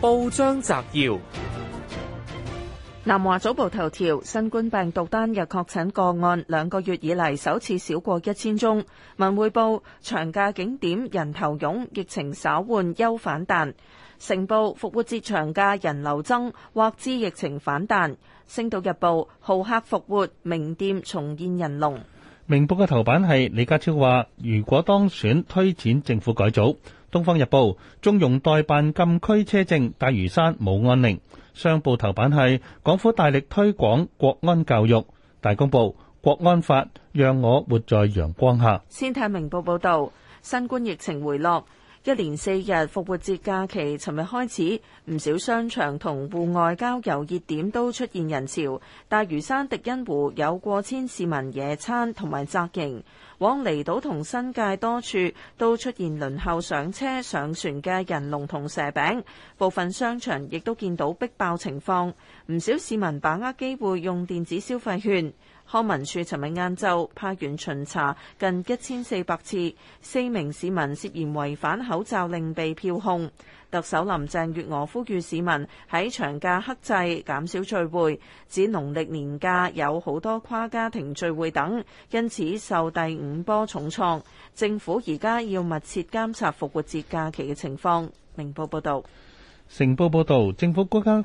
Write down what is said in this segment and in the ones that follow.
報章摘要：南華早報頭條，新冠病毒單日確診個案兩個月以嚟首次少過一千宗。文匯報：長假景點人頭湧，疫情稍緩憂反彈。成報：復活節長假人流增，或致疫情反彈。星島日報：豪客復活，名店重現人龍。明報嘅頭版係李家超話，如果當選推展政府改組。東方日報，縱容代辦禁區車證，大嶼山冇安寧。商報頭版係港府大力推廣國安教育。大公報，國安法讓我活在陽光下。先睇明報報道，新冠疫情回落。一連四日復活節假期，尋日開始，唔少商場同戶外郊遊熱點都出現人潮。大嶼山迪欣湖有過千市民野餐同埋紮營，往離島同新界多處都出現輪候上車上船嘅人龍同蛇餅。部分商場亦都見到逼爆情況，唔少市民把握機會用電子消費券。康文署尋日晏晝派員巡查近一千四百次，四名市民涉嫌違反口罩令被票控。特首林鄭月娥呼籲市民喺長假克制，減少聚會，指農曆年假有好多跨家庭聚會等，因此受第五波重創。政府而家要密切監察復活節假期嘅情況。明報報道。成報報導，政府國家。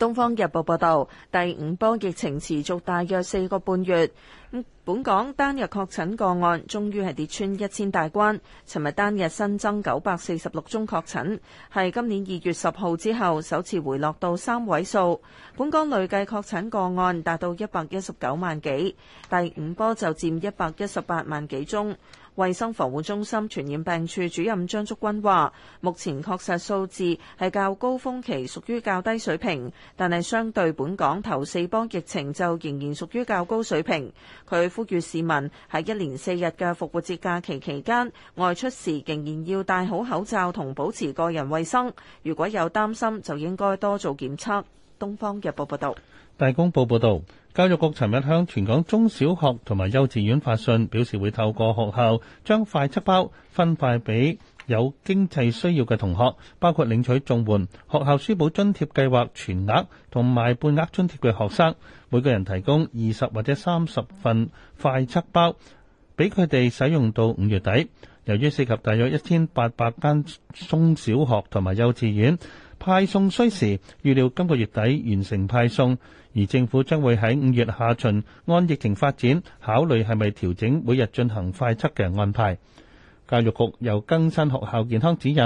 《東方日報》報道，第五波疫情持續大約四個半月。本港單日確診個案終於係跌穿一千大關。尋日單日新增九百四十六宗確診，係今年二月十號之後首次回落到三位數。本港累計確診個案達到一百一十九萬幾，第五波就佔一百一十八萬幾宗。衛生防護中心傳染病處主任張竹君話，目前確實數字係較高峰期，屬於較低水平，但係相對本港頭四波疫情就仍然屬於較高水平。佢呼籲市民喺一連四日嘅復活節假期期間外出時，仍然要戴好口罩同保持個人衛生。如果有擔心，就應該多做檢測。東方日報報道，大公報報道。教育局尋日向全港中小學同埋幼稚園發信，表示會透過學校將快測包分派俾有經濟需要嘅同學，包括領取綜援、學校書簿津貼計劃全額同埋半額津貼嘅學生，每個人提供二十或者三十份快測包，俾佢哋使用到五月底。由於涉及大約一千八百間中小學同埋幼稚園，派送需時，預料今個月底完成派送，而政府將會喺五月下旬按疫情發展考慮係咪調整每日進行快測嘅安排。教育局又更新學校健康指引，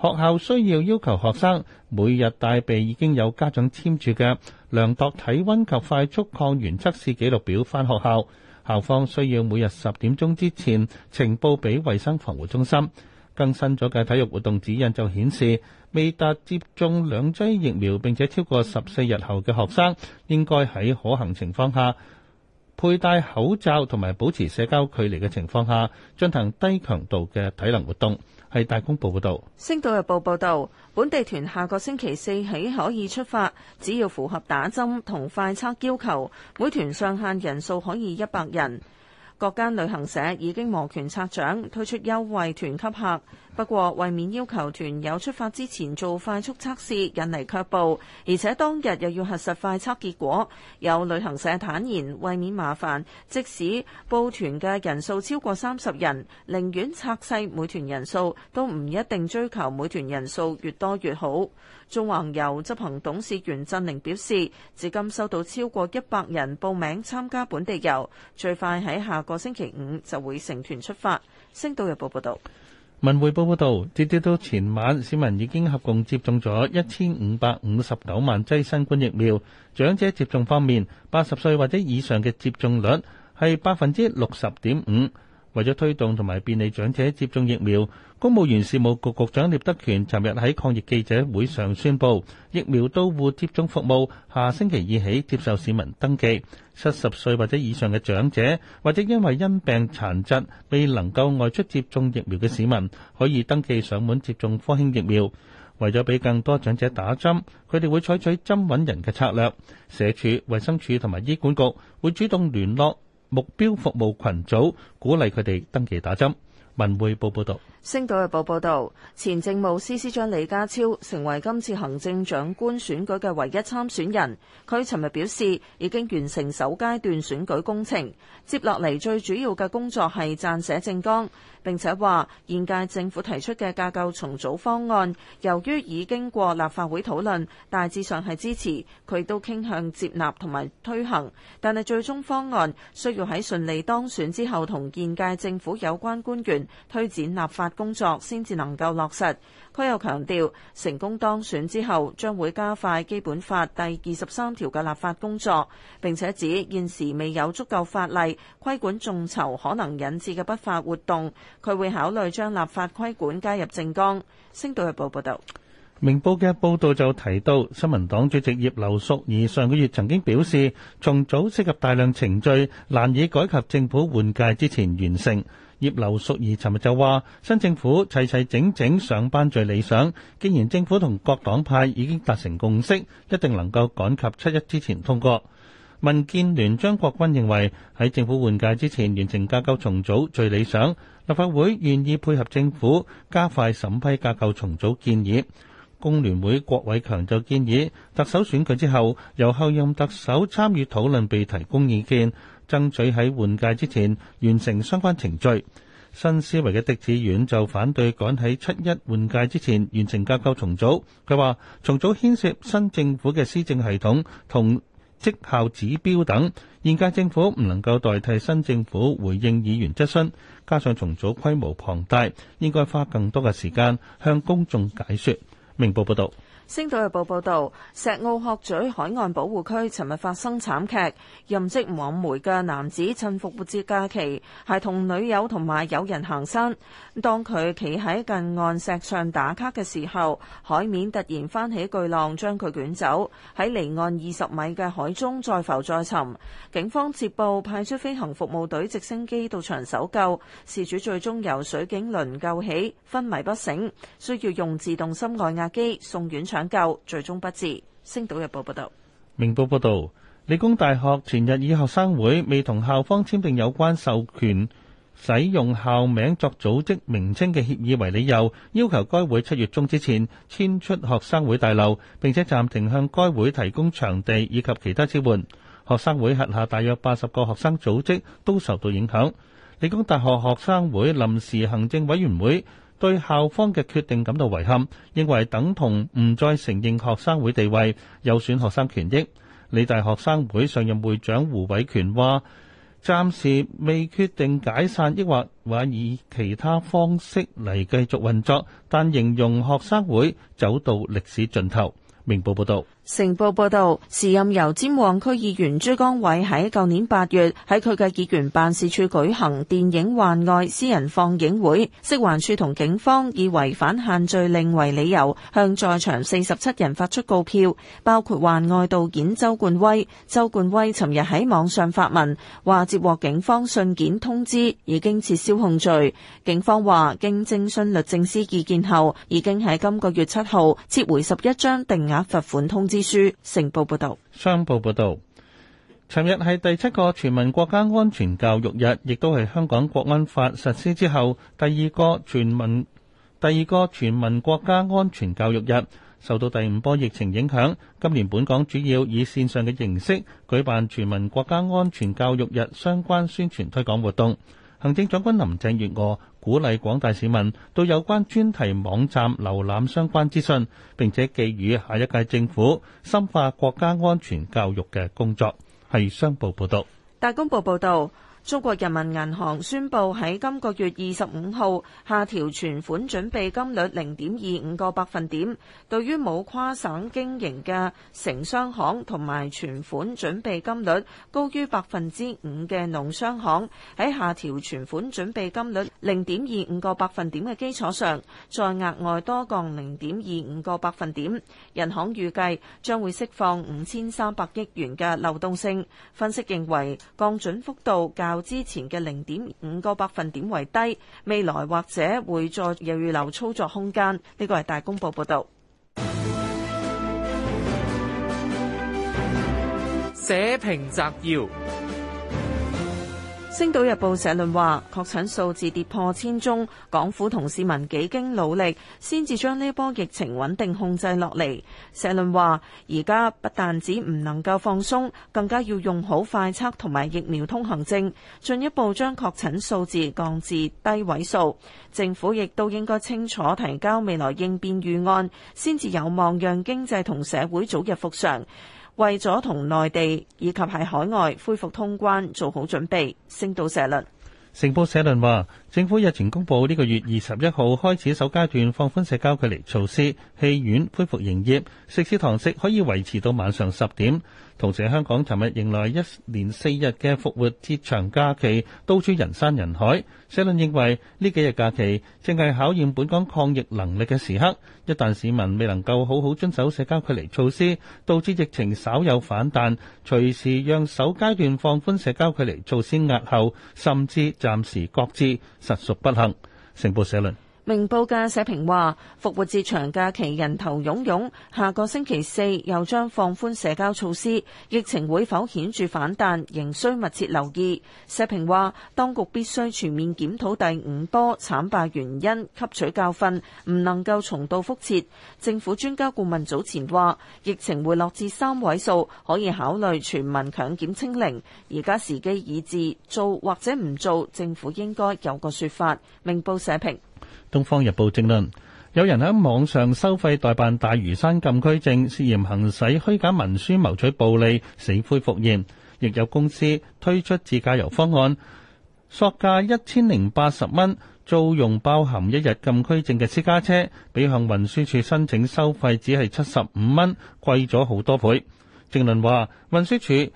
學校需要要求學生每日帶備已經有家長簽注嘅量度體溫及快速抗原測試記錄表翻學校，校方需要每日十點鐘之前呈報俾衞生防護中心。更新咗嘅體育活動指引就顯示，未達接種兩劑疫苗並且超過十四日後嘅學生，應該喺可行情況下佩戴口罩同埋保持社交距離嘅情況下，進行低強度嘅體能活動。係大公報報星島日報》報道：「本地團下個星期四起可以出發，只要符合打針同快測要求，每團上限人數可以一百人。各間旅行社已經磨拳擦掌，推出優惠團給客。不過為免要求團友出發之前做快速測試，引嚟卻步，而且當日又要核實快測結果，有旅行社坦言為免麻煩，即使報團嘅人數超過三十人，寧願拆細每團人數，都唔一定追求每團人數越多越好。中行油執行董事袁振寧表示，至今收到超過一百人報名參加本地遊，最快喺下個星期五就會成團出發。星島日報報道，文匯報報道，截至到前晚市民已經合共接種咗一千五百五十九萬劑新冠疫苗。長者接種方面，八十歲或者以上嘅接種率係百分之六十點五。為咗推動同埋便利長者接種疫苗，公務員事務局局長聶德權尋日喺抗疫記者會上宣布，疫苗到戶接種服務下星期二起接受市民登記。七十歲或者以上嘅長者，或者因為因病殘疾未能夠外出接種疫苗嘅市民，可以登記上門接種科興疫苗。為咗俾更多長者打針，佢哋會採取針揾人嘅策略，社署、衛生署同埋醫管局會主動聯絡。目標服務群組，鼓勵佢哋登記打針。文匯報報道，星島日報報道，前政務司司長李家超成為今次行政長官選舉嘅唯一參選人。佢尋日表示，已經完成首階段選舉工程，接落嚟最主要嘅工作係撰寫政綱，並且話現屆政府提出嘅架構重組方案，由於已經過立法會討論，大致上係支持，佢都傾向接納同埋推行，但係最終方案需要喺順利當選之後，同現屆政府有關官員。推展立法工作先至能夠落實。佢又強調，成功當選之後，將會加快基本法第二十三條嘅立法工作。並且指現時未有足夠法例規管眾籌可能引致嘅不法活動，佢會考慮將立法規管加入政綱。星島日報報道。明報嘅報道就提到，新聞黨主席葉劉淑儀上個月曾經表示，重組涉及大量程序，難以趕及政府換屆之前完成。葉劉淑儀尋日就話：新政府齊齊整整上班最理想。既然政府同各黨派已經達成共識，一定能夠趕及七一之前通過。民建聯張國軍認為，喺政府換屆之前完成架構重組最理想。立法會願意配合政府加快審批架構重組建議。工聯會郭偉強就建議特首選舉之後，由後任特首參與討論，被提供意見，爭取喺換屆之前完成相關程序。新思維嘅狄志遠就反對趕喺七一換屆之前完成架構重組，佢話重組牽涉新政府嘅施政系統同績效指標等，現屆政府唔能夠代替新政府回應議員質詢，加上重組規模龐大，應該花更多嘅時間向公眾解說。明報報道。《星島日報》報道，石澳鶴咀海岸保護區尋日發生慘劇。任職網媒嘅男子趁復活節假期，係同女友同埋友人行山。當佢企喺近岸石上打卡嘅時候，海面突然翻起巨浪，將佢捲走。喺離岸二十米嘅海中再浮再沉。警方接報，派出飛行服務隊直升機到場搜救。事主最終由水警輪救起，昏迷不醒，需要用自動心外壓機送院。搶救最終不治，星島日報報道。明報報道，理工大學前日以學生會未同校方簽訂有關授權使用校名作組織名稱嘅協議為理由，要求該會七月中之前遷出學生會大樓，並且暫停向該會提供場地以及其他支援。學生會轄下大約八十個學生組織都受到影響。理工大學學生會臨時行政委員會，對校方嘅決定感到遺憾，認為等同唔再承認學生會地位，有損學生權益。理大學生會上任會長胡偉權話，暫時未決定解散，抑或話以其他方式嚟繼續運作，但形容學生會走到歷史盡頭。明報報道。成報報道，時任油尖旺區議員朱江偉喺舊年八月喺佢嘅議員辦事處舉行電影《幻愛》私人放映會，食環署同警方以違反限聚令為理由，向在場四十七人發出告票，包括《幻愛》導演周冠威。周冠威尋日喺網上發文，話接獲警方信件通知，已經撤銷控罪。警方話經徵詢律政司意見後，已經喺今個月七號撤回十一張定額罰款通知。之書，成報報道，商報報道，尋日係第七個全民國家安全教育日，亦都係香港國安法實施之後第二個全民第二個全民國家安全教育日。受到第五波疫情影響，今年本港主要以線上嘅形式舉辦全民國家安全教育日相關宣傳推廣活動。行政長官林鄭月娥鼓勵廣大市民到有關專題網站瀏覽相關資訊，並且寄語下一屆政府深化國家安全教育嘅工作。係商報報道，大公報報道。中國人民銀行宣布喺今個月二十五號下調存款準備金率零點二五個百分點。對於冇跨省經營嘅城商行同埋存款準備金率高於百分之五嘅農商行，喺下調存款準備金率零點二五個百分點嘅基礎上，再額外多降零點二五個百分點。人行預計將會釋放五千三百億元嘅流動性。分析認為降準幅度較。之前嘅零點五個百分點為低，未來或者會再有預留操作空間。呢個係大公報報道。社評摘要。《星島日報》社論話：確診數字跌破千宗，港府同市民幾經努力，先至將呢波疫情穩定控制落嚟。社論話：而家不但止唔能夠放鬆，更加要用好快測同埋疫苗通行證，進一步將確診數字降至低位數。政府亦都應該清楚提交未來應變預案，先至有望讓經濟同社會早日復常。為咗同內地以及喺海外恢復通關做好準備，星島社論。成報社論話，政府日前公布呢、這個月二十一號開始首階段放寬社交距離措施，戲院恢復營業，食肆堂食可以維持到晚上十點。同時，香港尋日迎來一連四日嘅復活節長假期，到處人山人海。社論認為呢幾日假期正係考驗本港抗疫能力嘅時刻，一旦市民未能夠好好遵守社交距離措施，導致疫情稍有反彈，隨時讓首階段放寬社交距離措施壓後，甚至暫時擱置，實屬不幸。成報社論。明報嘅社評話復活節長假期人頭湧湧，下個星期四又將放寬社交措施，疫情會否顯著反彈，仍需密切留意。社評話當局必須全面檢討第五波慘敗原因，吸取教訓，唔能夠重蹈覆轍。政府專家顧問早前話疫情回落至三位數，可以考慮全民強檢清零，而家時機已至，做或者唔做，政府應該有個說法。明報社評。《東方日報》正論：有人喺網上收費代辦大嶼山禁區證，涉嫌行使虛假文書謀取暴利，死灰復燃。亦有公司推出自駕遊方案，索價一千零八十蚊，租用包含一日禁區證嘅私家車，比向運輸署申請收費只係七十五蚊，貴咗好多倍。正論話：運輸署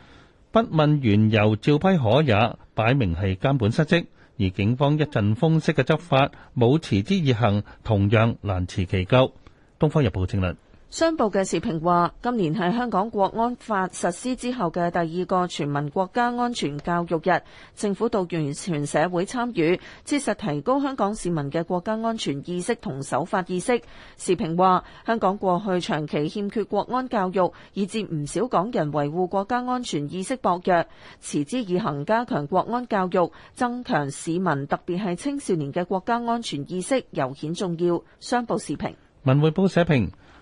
不問原由照批可也，擺明係監管失職。而警方一陣風式嘅執法，冇持之以恒，同樣難辭其咎。《東方日報》正論。商報嘅視評話：今年係香港國安法實施之後嘅第二個全民國家安全教育日，政府動員全社會參與，切實提高香港市民嘅國家安全意識同守法意識。視評話：香港過去長期欠缺國安教育，以致唔少港人維護國家安全意識薄弱，持之以恆加強國安教育，增強市民，特別係青少年嘅國家安全意識，尤顯重要。商報視評，文匯報社評。